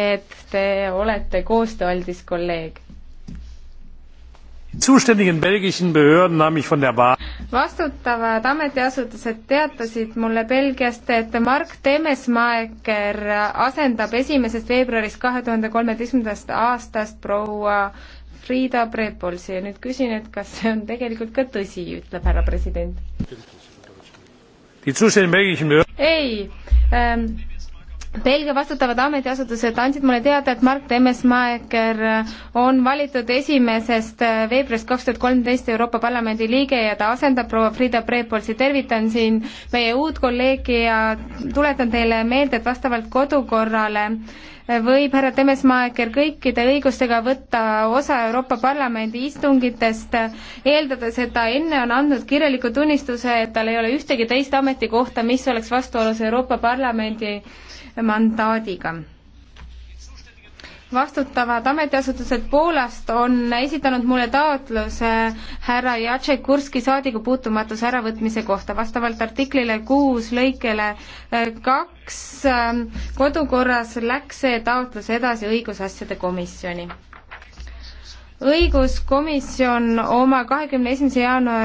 et te olete koostööaldis kolleeg. vastutavad ametiasutused teatasid mulle Belgiast, et Mark Temesmaeker asendab esimesest veebruarist kahe tuhande kolmeteistkümnendast aastast proua Frida Prepolsi ja nüüd küsin, et kas see on tegelikult ka tõsi, ütleb härra president. ei ähm,, Belgia vastutavad ametiasutused andsid mulle teada, et Mark Demesmaeker on valitud esimesest äh, veebruarist kaks tuhat kolmteist Euroopa Parlamendi liige ja ta asendab proua Frida Breepolsi. tervitan siin meie uut kolleegi ja tuletan teile meelde, et vastavalt kodukorrale äh, võib härra Temesmaeker kõikide õigustega võtta osa Euroopa Parlamendi istungitest, äh, eeldades, et ta enne on andnud kirjaliku tunnistuse, et tal ei ole ühtegi teist ametikohta, mis oleks vastuolus Euroopa Parlamendi mandaadiga vastutavad ametiasutused Poolast on esitanud mulle taotluse härra Jacek Kurski saadikupuutumatuse äravõtmise kohta. vastavalt artiklile kuus lõikele eh, kaks eh, kodukorras läks see taotlus edasi õigusasjade komisjoni. õiguskomisjon oma kahekümne esimese jaanuari